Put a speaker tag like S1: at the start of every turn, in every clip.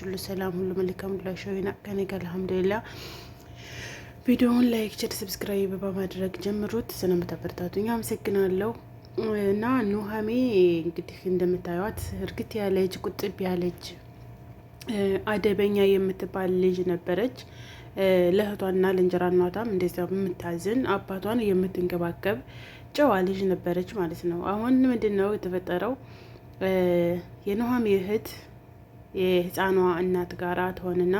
S1: ሁሉ ሰላም ሁሉ መልካም ዱላሽ ወይና ከኔ ጋር አልሐምዱሊላ። ቪዲዮውን ላይክ፣ ሼር፣ ሰብስክራይብ በማድረግ ጀምሩት። ስለምታበረታቱኝ አመሰግናለሁ። እና ኑሀሜ እንግዲህ እንደምታዩት እርግት ያለች ቁጥብ ያለች አደበኛ የምትባል ልጅ ነበረች። ለእህቷና ለእንጀራ እናቷም እንደዚያ የምታዝን አባቷን የምትንከባከብ ጨዋ ልጅ ነበረች ማለት ነው። አሁን ምንድን ነው የተፈጠረው? የኑሀሜ እህት የህፃኗ እናት ጋራ ትሆንና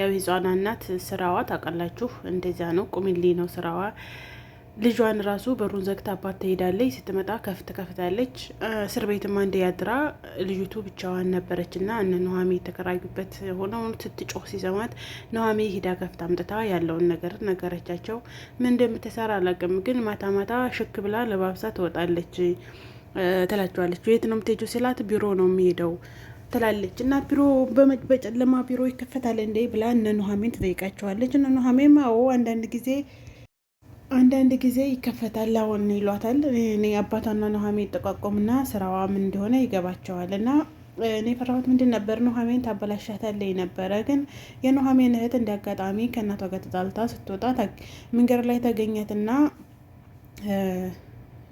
S1: ያው የህፃኗ እናት ስራዋ ታውቃላችሁ፣ እንደዚያ ነው፣ ቁሚሊ ነው ስራዋ። ልጇን ራሱ በሩን ዘግታ አባት ትሄዳለች። ስትመጣ ከፍት ከፍታለች። እስር ቤትም አንድ ያድራ ልጅቱ ብቻዋን ነበረች እና እነ ነዋሜ የተከራዩበት ሆነው ስትጮህ ሲሰማት ነዋሜ ሂዳ ከፍታ አምጥታ ያለውን ነገር ነገረቻቸው። ምን እንደምትሰራ አላውቅም፣ ግን ማታ ማታ ሽክ ብላ ለባብሳ ትወጣለች ትላቸዋለች። የት ነው የምትሄጂው ሲላት ቢሮ ነው የሚሄደው ትላለች እና ቢሮ በጨለማ ቢሮ ይከፈታል እንዴ ብላ እነ ኑሐሚን ትጠይቃቸዋለች። እነ ኑሐሚን አዎ አንዳንድ ጊዜ አንዳንድ ጊዜ ይከፈታል አሁን ይሏታል። እኔ አባቷና ኑሐሚን ይጠቋቆምና ስራዋ ምን እንደሆነ ይገባቸዋል እና እኔ የፈራሁት ምንድን ነበር ኑሐሚን ታበላሻታለች ነበረ። ግን የኑሐሚን እህት እንደ አጋጣሚ ከእናቷ ጋር ተጣልታ ስትወጣ መንገድ ላይ ተገኘትና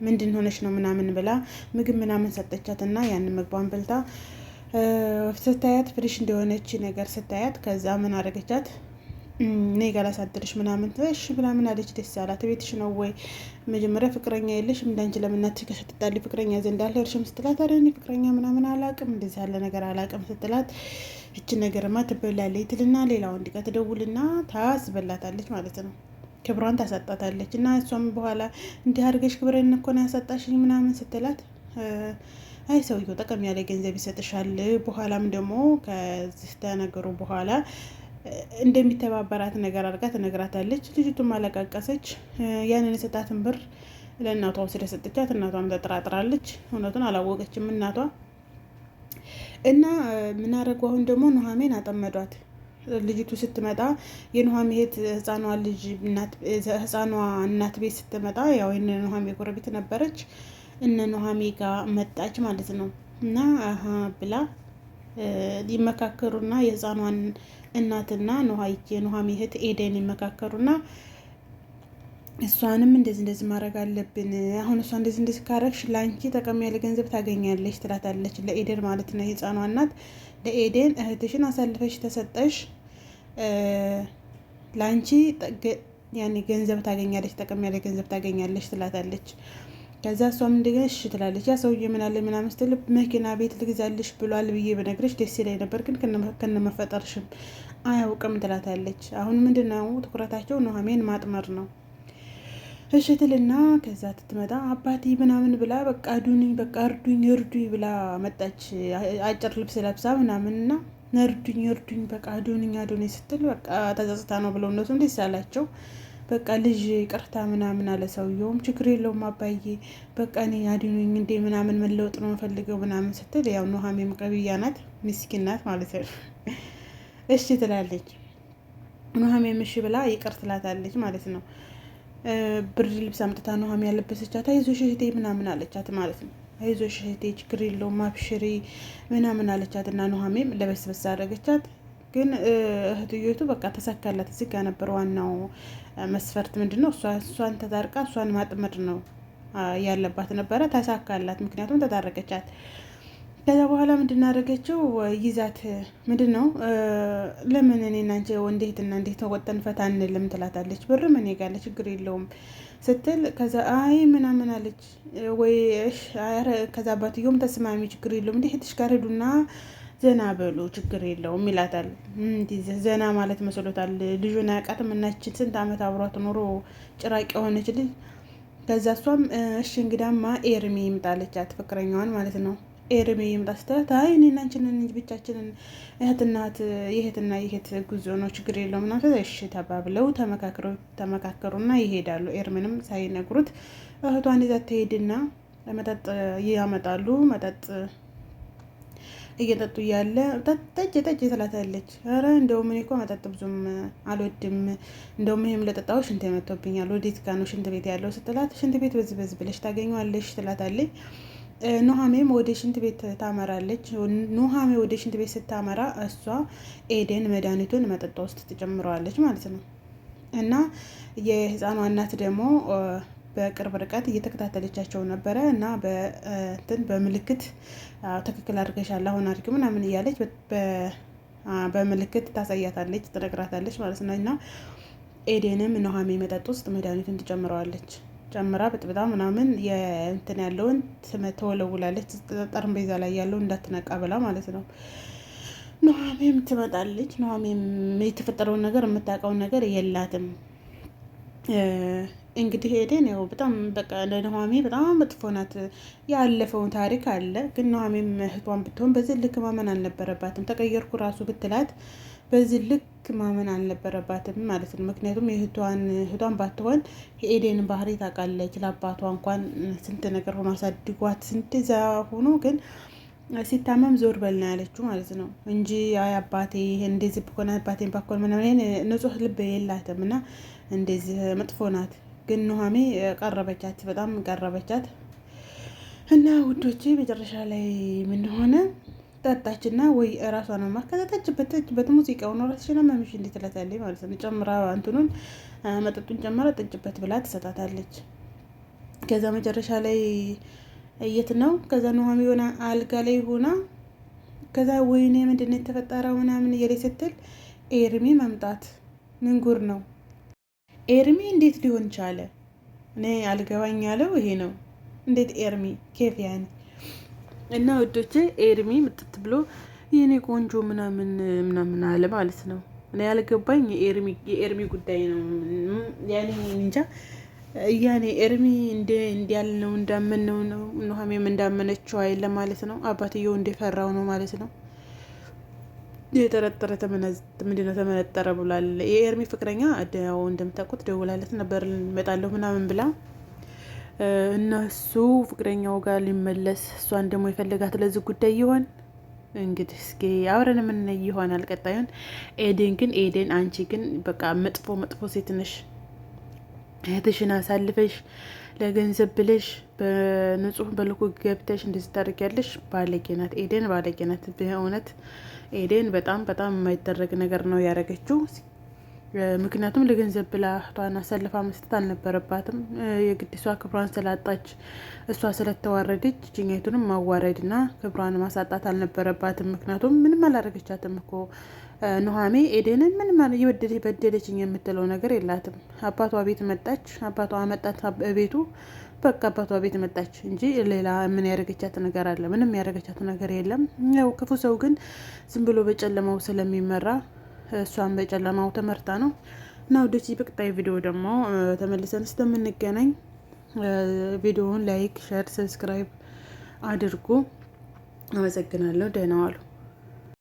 S1: ምንድን ሆነች ነው ምናምን ብላ ምግብ ምናምን ሰጠቻትና ያንን ምግቧን በልታ ስታያት ፍሪሽ እንደሆነች ነገር ስታያት፣ ከዛ ምን አደረገቻት? እኔ ጋር ላሳድርሽ ምናምን ትሽ ብላ ምን አለች? ደስ አላት። ቤትሽ ነው ወይ መጀመሪያ ፍቅረኛ የለሽም? እንዳንቺ ለምናት ከስትጣል ፍቅረኛ ዘንድ አልሄድሽም ስትላት፣ ኧረ እኔ ፍቅረኛ ምናምን አላቅም እንደዚህ ያለ ነገር አላቅም ስትላት፣ እች ነገርማ ትበላለች ትልና ሌላ ወንድ ጋር ትደውልና ታስበላታለች ማለት ነው። ክብሯን ታሳጣታለች። እና እሷም በኋላ እንዲህ አድርገሽ ክብረን እኮ ነው ያሳጣሽኝ ምናምን ስትላት አይ ሰውየው ጠቀም ያለ ገንዘብ ይሰጥሻል፣ በኋላም ደግሞ ከዚህ ተነገሩ በኋላ እንደሚተባበራት ነገር አድርጋ ትነግራታለች። ልጅቱም አለቃቀሰች። ያንን የሰጣትን ብር ለእናቷ ወስደ ሰጥቻት፣ እናቷም ተጠራጥራለች። እውነቱን አላወቀችም እናቷ እና ምናረጉ አሁን ደግሞ ኑሐሜን አጠመዷት። ልጅቱ ስትመጣ የኑሐሜ እህት ህፃኗ ልጅ ህፃኗ እናት ቤት ስትመጣ ያው ኑሐሜ ጎረቤት ነበረች። እነ ኑሃሜ ጋር መጣች ማለት ነው። እና አሀ ብላ ይመካከሩና የህፃኗን እናትና ኑሃዬ ኑሃሜ እህት ኤደን ይመካከሩና እሷንም እንደዚህ እንደዚህ ማድረግ አለብን። አሁን እሷ እንደዚህ እንደዚህ ካረግሽ ለአንቺ ጠቀም ያለ ገንዘብ ታገኛለች ትላታለች፣ ለኤደን ማለት ነው። የህፃኗ እናት ለኤደን እህትሽን አሳልፈሽ ተሰጠሽ ለአንቺ ያኔ ገንዘብ ታገኛለች፣ ጠቀም ያለ ገንዘብ ታገኛለች ትላታለች። ከዛ እሷም እንደገና እሺ ትላለች። ያ ሰውዬ አለ ምናምን ስትል መኪና ቤት ልግዛልሽ ብሏል ብዬ በነግረሽ ደስ ይለኝ ነበር፣ ግን ከነመፈጠርሽም አያውቅም ትላታለች። አሁን ምንድን ነው ትኩረታቸው ኑሃሜን ማጥመር ነው። እሺ ትልና ከዛ ትትመጣ አባቴ ምናምን ብላ በቃ ዱኝ በቃ እርዱኝ፣ እርዱኝ ብላ መጣች። አጭር ልብስ ለብሳ ምናምንና እርዱኝ፣ እርዱኝ፣ በቃ አዶንኝ፣ አዶንኝ ስትል በቃ ተጸጽታ ነው ብለው እነሱ እንዴት ሳላቸው በቃ ልጅ ቅርታ ምናምን አለ ሰውየውም ችግር የለውም አባዬ በቃ እኔ አድኑኝ እንዴ ምናምን መለወጥ ነው የምፈልገው ምናምን ስትል ያው ኑሃሚን ቀብያ ናት ምስኪን ናት ማለት ነው። እሺ ትላለች ኑሃሚን እሺ ብላ ይቅር ትላታለች ማለት ነው። ብርድ ልብስ አምጥታ ኑሃሚን ያለበሰቻት አይዞሽ እህቴ ምናምን አለቻት ማለት ነው። አይዞሽ እህቴ ችግር የለውም አብሽሪ ምናምን አለቻት እና ኑሃሚን ለበስበስ አደረገቻት። ግን እህትዮቱ በቃ ተሳካላት። እዚህ ጋር ነበር ዋናው መስፈርት ምንድን ነው? እሷን ተታርቃ እሷን ማጥመድ ነው ያለባት ነበረ። ተሳካላት፣ ምክንያቱም ተታረቀቻት። ከዛ በኋላ ምንድን አደረገችው? ይዛት ምንድን ነው ለምን እኔ እና አንቺ እንዴትና እንዴት ተወጠን ፈታ እንልም ትላታለች። ብር ምን ይጋለ ችግር የለውም ስትል ከዛ አይ ምናምን አለች ወይ ከዛ አባትዮም ተስማሚ ችግር የለውም እንዲህ ትሽጋር ሄዱና ዘና በሉ ችግር የለውም ይላታል። ዘና ማለት መስሎታል። ልጁን አያውቃትም እና ስንት ዓመት አብሯት ኑሮ ጭራቅ የሆነች ልጅ ከዛ እሷም እሺ እንግዳማ ኤርሜ ይምጣለቻት ፍቅረኛዋን ማለት ነው። ኤርሜ ይምጣ ስትላት አይ እኔና አንቺንን ብቻችንን እህትናት የእህትና የእህት ጉዞ ነው ችግር የለውም ምናምን ከዛ እሺ ተባብለው ተመካከሩና ይሄዳሉ። ኤርሜንም ሳይነግሩት እህቷን ይዛት ትሄድና መጠጥ ያመጣሉ መጠጥ እየጠጡ እያለ ጠጅ ጠጅ ትላታለች። ኧረ እንደውም እኔ እኮ መጠጥ ብዙም አልወድም፣ እንደውም ይህም ለጠጣው ሽንት መጥቶብኛል፣ ወዴት ጋ ነው ሽንት ቤት ያለው ስትላት፣ ሽንት ቤት በዝ በዝ ብለሽ ታገኘዋለሽ ትላታለች። ኑሃሜም ወደ ሽንት ቤት ታመራለች። ኑሃሜ ወደ ሽንት ቤት ስታመራ እሷ ኤደን መድኃኒቱን መጠጧ ውስጥ ትጨምረዋለች ማለት ነው። እና የህፃኗ እናት ደግሞ በቅርብ ርቀት እየተከታተለቻቸው ነበረ እና በእንትን በምልክት ትክክል አድርገሻል አሁን አድርግ ምናምን እያለች በምልክት ታሳያታለች፣ ትነግራታለች ማለት ነው እና ኤዴንም ኑሃሜ መጠጥ ውስጥ መድኃኒቱን ትጨምረዋለች። ጨምራ በጥብጣ ምናምን የእንትን ያለውን ትወለውላለች ጠረጴዛ ላይ ያለው እንዳትነቃ ብላ ማለት ነው። ኑሃሜም ትመጣለች። ኑሃሜም የተፈጠረውን ነገር የምታውቀውን ነገር የላትም። እንግዲህ ሄደን ያው በጣም በቃ ለኑሃሜ በጣም መጥፎ ናት። ያለፈውን ታሪክ አለ ግን ኑሃሜም እህቷን ብትሆን በዚህ ልክ ማመን አልነበረባትም። ተቀየርኩ ራሱ ብትላት በዚህ ልክ ማመን አልነበረባትም ማለት ነው። ምክንያቱም እህቷን ባትሆን የኤዴን ባህሪ ታውቃለች። ለአባቷ እንኳን ስንት ነገር ሆኖ አሳድጓት ስንት ዛ ሆኖ ግን ሲታመም ዞር በልና ያለችው ማለት ነው እንጂ አይ አባቴ እንደዚህ ብኮን አባቴን ባኮን ምናምን ንጹህ ልብ የላትም እና እንደዚህ መጥፎ ናት። ግን ኑሃሜ ቀረበቻት፣ በጣም ቀረበቻት እና ውዶቼ መጨረሻ ላይ ጠጣች ጠጣችና ወይ እራሷ ነው ከጠጣችበት ጠጭበት ሙዚቃውን ራስሽን አመመሽ እንዴት ትላታለች ማለት ነው። ጨምራ እንትኑን መጠጡን ጨምራ ጠጭበት ብላ ትሰጣታለች። ከዛ መጨረሻ ላይ እየት ነው ከዛ ኑሃሜ ሆና አልጋ ላይ ሆና ከዛ ወይኔ ምንድን ነው የተፈጠረው ምናምን እየለች ስትል ኤርሚ መምጣት ምንጉር ነው ኤርሚ እንዴት ሊሆን ቻለ? እኔ አልገባኝ ያለው ይሄ ነው። እንዴት ኤርሚ ኬፍ ያኔ እና ወዶቼ ኤርሚ ምጥት ብሎ የእኔ ቆንጆ ምናምን ምናምን አለ ማለት ነው። እኔ ያልገባኝ የኤርሚ ጉዳይ ነው። ያኔ እንጃ ያኔ ኤርሚ እንዲያል ነው እንዳመን ነው ነው ኑሐሚንም እንዳመነችው አይለ ማለት ነው። አባትየው እንደፈራው ነው ማለት ነው። የተረጠረ ምንድነው ተመነጠረ ብሏል። የኤርሚ ፍቅረኛ ያው እንደምታውቁት ደውላለት ነበር እመጣለሁ ምናምን ብላ እነሱ ፍቅረኛው ጋር ሊመለስ እሷን ደግሞ የፈለጋት ለዚህ ጉዳይ ይሆን እንግዲህ እስኪ አብረን ምን ይሆናል ቀጣዩን። ኤደን ግን ኤደን አንቺ ግን በቃ መጥፎ መጥፎ ሴት ነሽ እህትሽን አሳልፈሽ ለገንዘብ ብለሽ በንጹህ በልኩ ገብተሽ እንደዚህ ታደርጊያለሽ። ባለጌ ናት ኤደን፣ ባለጌ ናት በእውነት ኤደን። በጣም በጣም የማይደረግ ነገር ነው ያደረገችው። ምክንያቱም ለገንዘብ ብላ እህቷን አሳልፋ መስጠት አልነበረባትም። የግድ እሷ ክብሯን ስላጣች እሷ ስለተዋረደች ማዋረድ ማዋረድና ክብሯን ማሳጣት አልነበረባትም። ምክንያቱም ምንም አላረገቻትም እኮ ኑሃሜ ኤዴንን ምንም የበደለች በደለችኝ የምትለው ነገር የላትም። አባቷ ቤት መጣች፣ አባቷ መጣት ቤቱ በቃ አባቷ ቤት መጣች እንጂ ሌላ ምን ያደረገቻት ነገር አለ? ምንም ያደረገቻት ነገር የለም። ያው ክፉ ሰው ግን ዝም ብሎ በጨለማው ስለሚመራ እሷን በጨለማው ተመርታ ነው እና ወደች በቀጣይ ቪዲዮ ደግሞ ተመልሰን እስከምንገናኝ ቪዲዮውን ላይክ፣ ሸር፣ ሰብስክራይብ አድርጉ። አመሰግናለሁ። ደህና ዋሉ።